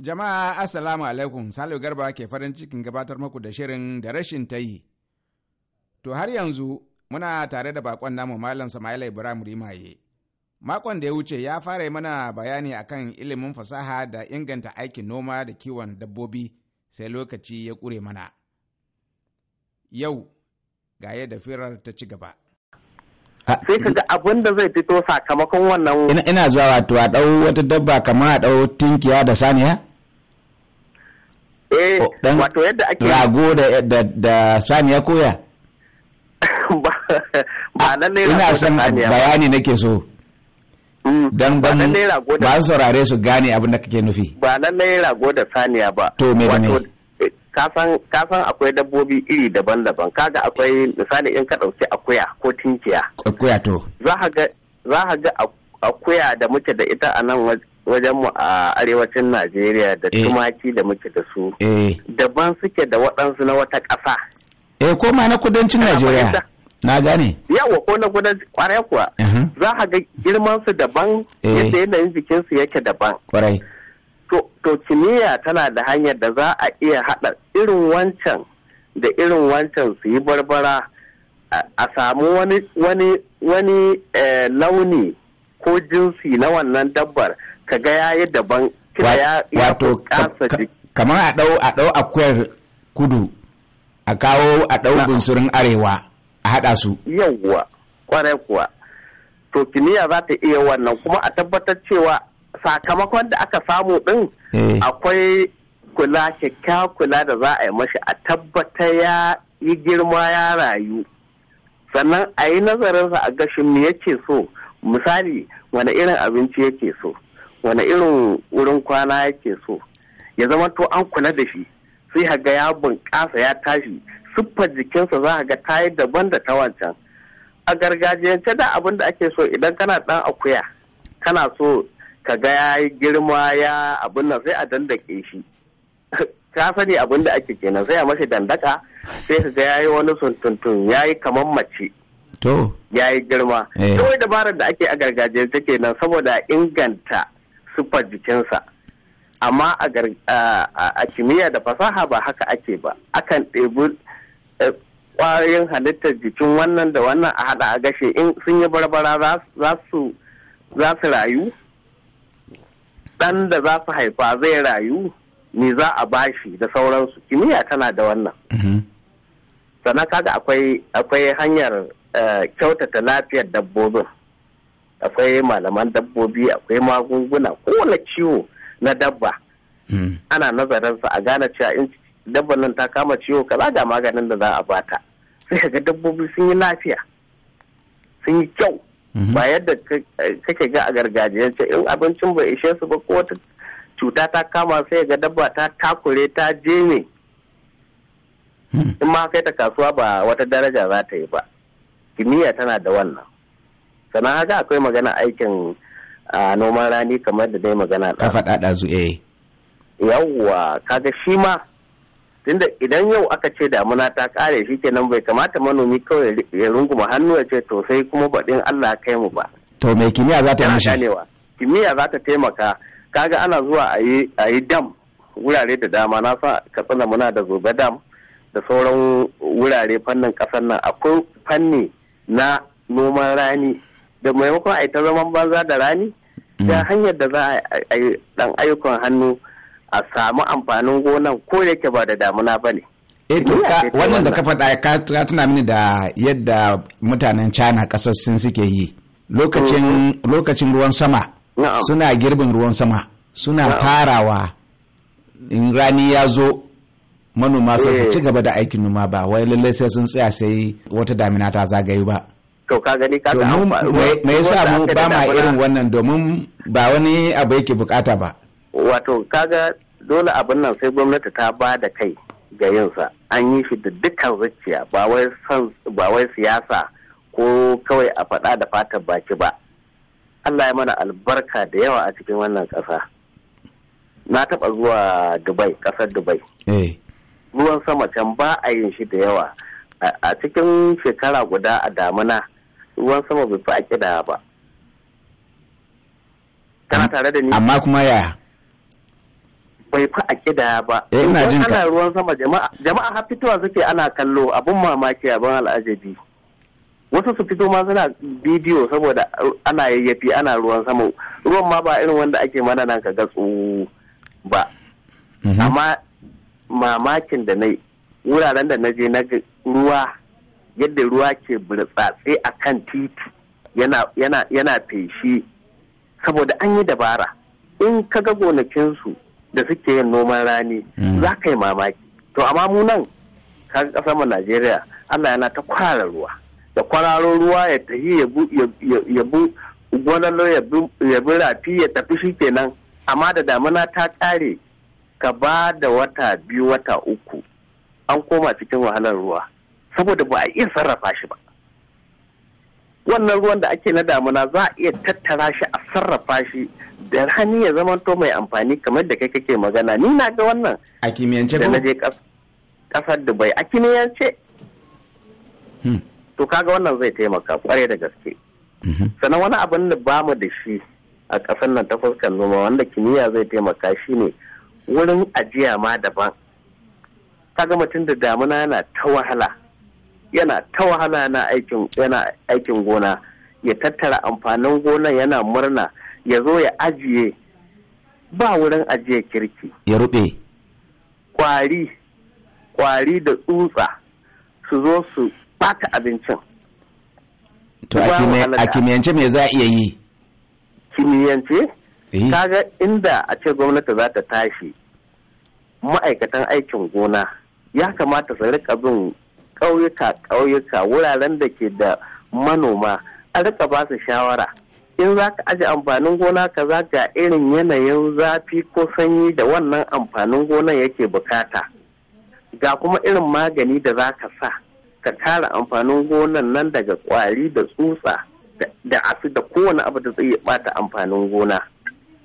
Jama'a Assalamu alaikum Salihu Garba ke farin cikin gabatar muku da shirin da rashin ta yi. To har yanzu muna tare da bakon namu Malam Sama'ila Ibrahim Rimaye. Makon da ya wuce ya fara mana bayani akan ilimin fasaha da inganta aikin noma da kiwon dabbobi sai lokaci ya ƙure mana. Yau ga yadda firar ta ci gaba. sai ka ga abin da zai fito sakamakon wannan ina zuwa wato a ɗau wata dabba kamar a ɗau tinkiya da saniya Eh, oh, wato yadda ake rago da da saniya koya ba nan ne ina son bayani nake so mm, dan ban ba saurare su gane abin da kake nufi ba nan ne rago da saniya ba to me ne Ka san akwai dabbobi iri daban-daban kaga akwai misali in ka dauki akuya ko tinkiya akuya to za ka ga za ka ga akuya da muke da ita a nan wajen mu a arewacin Najeriya da eh. tumaki da muke da su eh. daban suke da waɗansu na wata ƙasa. Eh ko ma na kudancin Najeriya. Na gane. Yawa ko na kudancin kwarai kuwa. Uh-huh. Za ka ga girman su daban eh. yadda yanayin jikin su yake daban. Kwarai. To kimiyya tana da hanyar da za a iya haɗa irin wancan da irin wancan su yi barbara a samu wani wani wani launi ko jinsi na wannan dabbar ka ga ya yi daban kira ya wato kamar a ɗau a ɗau akwai kudu a kawo a ɗau bunsurin arewa a haɗa su yawwa kwarai kuwa to kiniya za ta iya wannan kuma a tabbatar cewa sakamakon da aka samu ɗin eh. akwai kula kyakkyawa kula da za a yi mashi a tabbatar ya yi girma ya rayu sannan a yi nazarinsa a gashin me yake so misali wani irin abinci yake so wani irin wurin kwana yake so ya zama to an kula da shi sai haga ya bunƙasa ya tashi siffar jikinsa za a ga ta yi daban da ta wancan a gargajiyance da abin da ake so idan kana ɗan akuya kana so ka ga ya yi girma ya abin nan sai a dandake shi ka sani abin da ake kenan sai a mashi dandaka sai ka ga ya yi wani suntuntun ya yi kamar mace to ya yi girma eh. kawai dabarar da ake a gargajiyance kenan saboda inganta siffar jikinsa amma a kimiyya da fasaha ba haka ake ba akan ɗebi eh, ƙwayoyin halittar jikin wannan da wannan a haɗa a gashe in sun yi barbara za su rayu ɗan da za su haifa zai rayu me za a bashi da sauransu kimiyya tana da wannan mm-hmm. sannan kaga akwai hanyar eh, kyautata lafiyar dabbobin akwai malaman dabbobi akwai magunguna kowane ciwo na dabba hmm. ana nazarin sa a gane cewa in dabban nan ta kama ciwo kaza ga maganin da za a bata sai ka ga dabbobi sun yi lafiya sun yi kyau hmm. ba yadda kake ga a gargajiyance in abincin bai ishe su ba ko wata cuta ta kama sai ga dabba ta takure ta jeme hmm. in ma kai ta kasuwa ba wata daraja za ta yi ba kimiyya tana da wannan sannan haka akwai magana aikin a noman rani kamar da dai magana ka faɗa ɗazu eh yawwa kaga shi ma tunda idan yau aka ce damuna ta kare shi kenan bai kamata manomi kawai ya runguma hannu ya ce to sai kuma baɗin Allah kai mu ba. To mai kimiyya za ta mishi? Kimiyya za ta taimaka kaga ana zuwa a yi dam wurare da dama na sa katsina muna da zobe dam da sauran wurare fannin ƙasar nan akwai fanni na noman rani da maimakon a ta zaman banza da rani da mm. hanyar da za a yi dan ayyukan hannu a samu amfanin gonan ko yake ba da damuna ba ne. Eh to wannan da ka faɗa ka tuna mini da yadda mutanen China ƙasar sun suke yi lokacin mm. ruwan sama suna girbin ruwan sama suna tarawa in rani ya zo manoma sai su eh. ci gaba da aikin noma ba wai lallai sai sun tsaya sai wata damina ta zagaye ba. to ka gani ka ga me yasa mu ba irin wannan domin ba wani abu yake bukata ba wato kaga dole abin nan sai gwamnati ta ba da kai ga yinsa an yi shi da dukkan zuciya ba wai siyasa ko kawai a faɗa da fatan baki ba Allah ya mana albarka da yawa a cikin wannan ƙasa na taɓa zuwa dubai ƙasar dubai eh. ruwan sama can ba a yin shi da yawa a cikin shekara guda a damuna ruwan sama bai fi a kida ba kana tare da ni amma kuma ya. bai fi a kida ba eh, ina jin ka ruwan sama jama'a jama'a har fitowa suke ana kallo abun mamaki abun al'ajabi wasu su fito ma suna bidiyo saboda ana yayyafi ana ruwan sama ruwan ma ba irin wanda ake mana nan ka gatsu ba mhm. amma mamakin da na wuraren da na je na ruwa yadda ruwa ke burtsatse a kan titi yana feshi saboda an yi dabara in ka ga gonakinsu da suke yin noman rani mm. za ka yi mamaki to amma mu nan kaga kasar mu Najeriya Allah yana ta kwara ruwa da kwararo ruwa ya tafi ya bu gwanalo ya bi rafi ya tafi shi kenan amma da damuna ta kare ka ba da wata biyu wata uku an koma cikin wahalar ruwa saboda ba a iya sarrafa shi ba wannan ruwan da ake na damuna za a iya tattara shi a sarrafa shi da hani ya zama to mai amfani kamar da kai kake magana ni na ga wannan a kimiyyance da naje kasar dubai a kimiyyance hmm. to kaga wannan zai taimaka kware da gaske mm-hmm. sannan wani abin da ba mu da shi a kasar nan ta fuskar noma wanda kimiyya zai taimaka shi ne wurin ajiya ma daban kaga mutum da damuna yana ta wahala yana ta wahala na aikin yana aikin gona ya tattara amfanin gona yana murna ya zo ya ajiye ba wurin ajiye kirki ya rube kwari kwari da tsutsa su zo su bata abincin to a kimiyyance me za a iya yi kimiyyance eh. kaga inda a ce gwamnati za ta tashi ma'aikatan aikin gona ya kamata su rika bin ƙauyuka ƙauyuka wuraren da ke da manoma a rika ba su shawara in za ka aje amfanin gona ka za ga irin yanayin zafi ko sanyi da wannan amfanin gona yake bukata ga kuma irin magani da za ka sa ka kare amfanin gonan nan daga kwari da tsutsa da asu da kowane abu da zai bata amfanin gona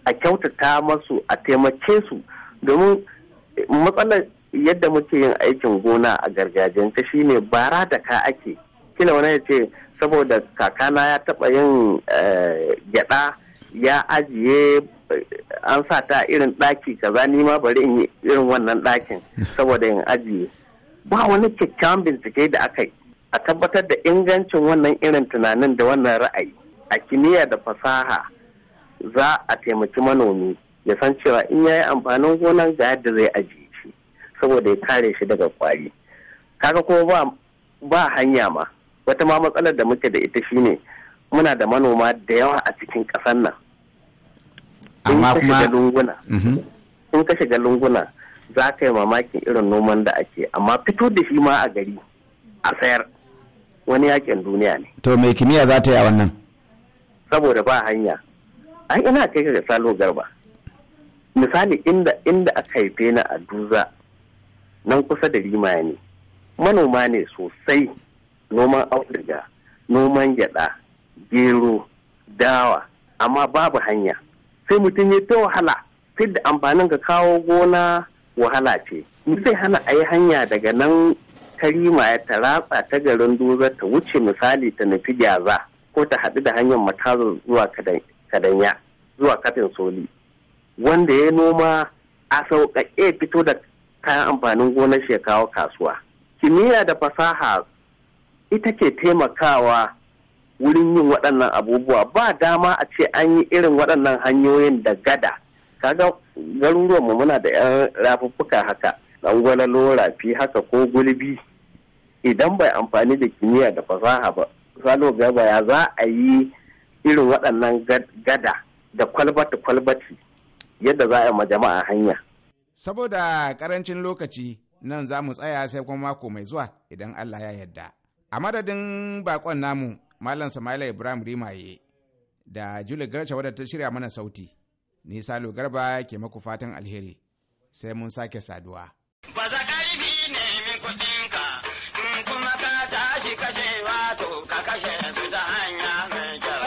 a kyautata masu a taimake su domin matsalar yadda muke yin aikin gona a gargajiyance shine bara da ka ake kila wani ya ce saboda kakana ya taba yin eh, gyada ya ajiye eh, an sa ta irin daki kaza ni ma bari in yi irin wannan dakin saboda in ajiye ba wani kyakkyawan bincike da aka yi a tabbatar da ingancin wannan irin tunanin da wannan ra'ayi a kimiyya da fasaha za a taimaki manomi ya san cewa in ya yi amfanin gonan ga yadda zai ajiye saboda ya kare shi daga kwari kaga ko ba ba hanya ma wata ma matsalar da muke da ita shine muna da manoma da yawa a cikin ƙasar nan amma kuma lunguna mhm. in ka shiga lunguna za ka yi mamakin irin noman da ake amma fito da shi ma a gari a sayar wani yakin duniya ne to mai kimiyya za ta yi a wannan saboda ba hanya an ina kai ga salo garba misali inda inda aka haife ni a duza nan kusa da rima ne manoma ne sosai noman auduga noman gyada gero dawa amma babu hanya sai mutum ya ta wahala sai da amfanin ka kawo gona wahala ce sai hana a yi hanya daga nan karima ya ta ratsa ta garin dozar ta wuce misali ta nufi gyaza ko ta haɗu da hanyar matazo zuwa kadanya zuwa katin soli wanda ya noma a sauƙaƙe fito da kayan amfanin gona shi ya kawo kasuwa kimiyya da fasaha ita ke taimakawa wurin yin waɗannan abubuwa ba dama a ce an yi irin waɗannan hanyoyin da gada kaga garuruwanmu muna da 'yan rafuffuka haka ɗan gwala rafi haka ko gulbi idan bai amfani da kimiyya da fasaha ba salo gaba ya za a yi irin waɗannan gada da kwalbati kwalbati yadda za a yi ma jama'a hanya Saboda ƙarancin lokaci nan za mu tsaya sai kuma mako mai zuwa idan Allah ya yarda. A madadin bakon namu Malam Samaila Ibrahim Rimaye da Julie Garcha wadda ta shirya mana sauti. Ni Salo Garba ke maku fatan alheri sai mun sake saduwa. Ba za ƙarfi kuma ka tashi kashe ka kashe su ta hanya mai kyau.